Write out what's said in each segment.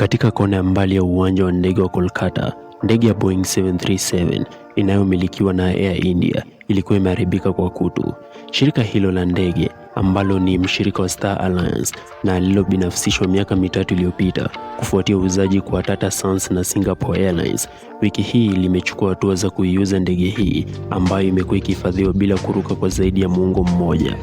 Katika kona ya mbali ya uwanja wa ndege wa Kolkata, ndege ya Boeing 737 inayomilikiwa na Air India ilikuwa imeharibika kwa kutu. Shirika hilo la ndege ambalo ni mshirika wa Star Alliance na lililobinafsishwa miaka mitatu iliyopita kufuatia uuzaji kwa Tata Sons na Singapore Airlines, wiki hii limechukua hatua za kuiuza ndege hii ambayo imekuwa ikihifadhiwa bila kuruka kwa zaidi ya muongo mmoja,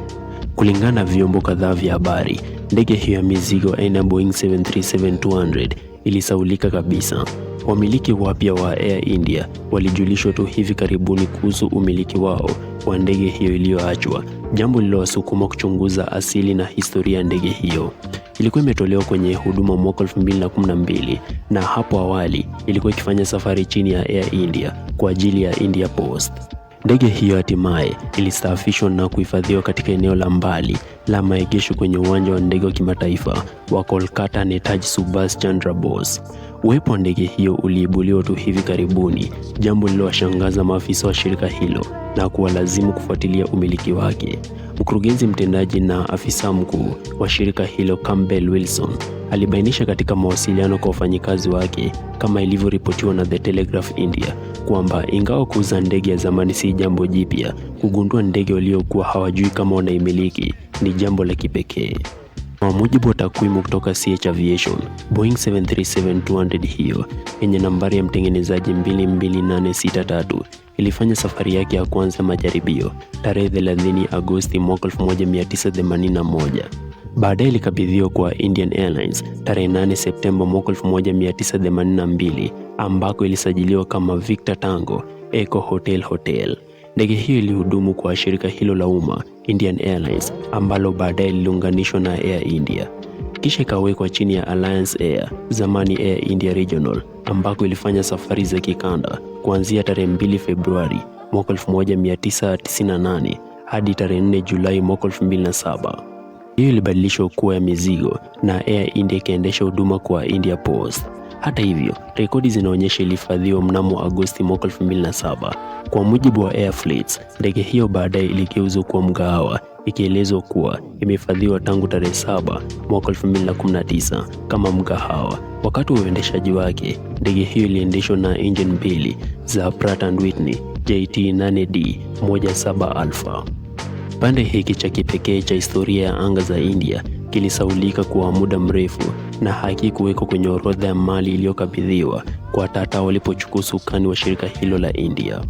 kulingana na vyombo kadhaa vya habari. Ndege hiyo ya mizigo aina Boeing 737-200 ilisaulika kabisa. Wamiliki wapya wa Air India walijulishwa tu hivi karibuni kuhusu umiliki wao wa ndege hiyo iliyoachwa, jambo lililowasukuma kuchunguza asili na historia ya ndege hiyo. Ilikuwa imetolewa kwenye huduma mwaka 2012 na hapo awali ilikuwa ikifanya safari chini ya Air India kwa ajili ya India Post. Ndege hiyo hatimaye ilisafishwa na kuhifadhiwa katika eneo la mbali la maegesho kwenye uwanja wa ndege wa kimataifa wa Kolkata Netaji Subhas Chandra Bose. Uwepo wa ndege hiyo uliibuliwa tu hivi karibuni, jambo lililowashangaza maafisa wa shirika hilo na kuwalazimu kufuatilia umiliki wake. Mkurugenzi mtendaji na afisa mkuu wa shirika hilo Campbell Wilson Alibainisha katika mawasiliano kwa wafanyikazi wake, kama ilivyoripotiwa na The Telegraph India, kwamba ingawa kuuza ndege ya zamani si jambo jipya, kugundua ndege waliokuwa hawajui kama wanaimiliki ni jambo la kipekee. Kwa mujibu wa takwimu kutoka CH Aviation, Boeing 737-200 hiyo yenye nambari ya mtengenezaji 22863 ilifanya safari yake ya kwanza majaribio tarehe 30 Agosti mwaka 1981. Baadaye ilikabidhiwa kwa Indian Airlines tarehe 8 Septemba mwaka 1982 ambako ilisajiliwa kama Victor Tango Eco Hotel Hotel. Ndege hiyo ilihudumu kwa shirika hilo la umma Indian Airlines ambalo baadaye liliunganishwa na Air India kisha ikawekwa chini ya Alliance Air, zamani Air India Regional, ambako ilifanya safari za kikanda kuanzia tarehe 2 Februari mwaka 1998 hadi tarehe 4 Julai mwaka 2007. Hiyo ilibadilishwa kuwa ya mizigo na Air India ikaendesha huduma kwa India Post. Hata hivyo, rekodi zinaonyesha ilihifadhiwa mnamo Agosti mwaka 2007. Kwa mujibu wa Airfleet, ndege hiyo baadaye iligeuzwa kuwa mgahawa, ikielezwa kuwa imehifadhiwa tangu tarehe saba mwaka 2019 kama mgahawa. Wakati wa uendeshaji wake, ndege hiyo iliendeshwa na injini mbili za Pratt and Whitney JT8D 17 Alpha. Kipande hiki cha kipekee cha historia ya anga za India kilisaulika kwa muda mrefu na hakikuwekwa kwenye orodha ya mali iliyokabidhiwa kwa Tata walipochukua usukani wa shirika hilo la India.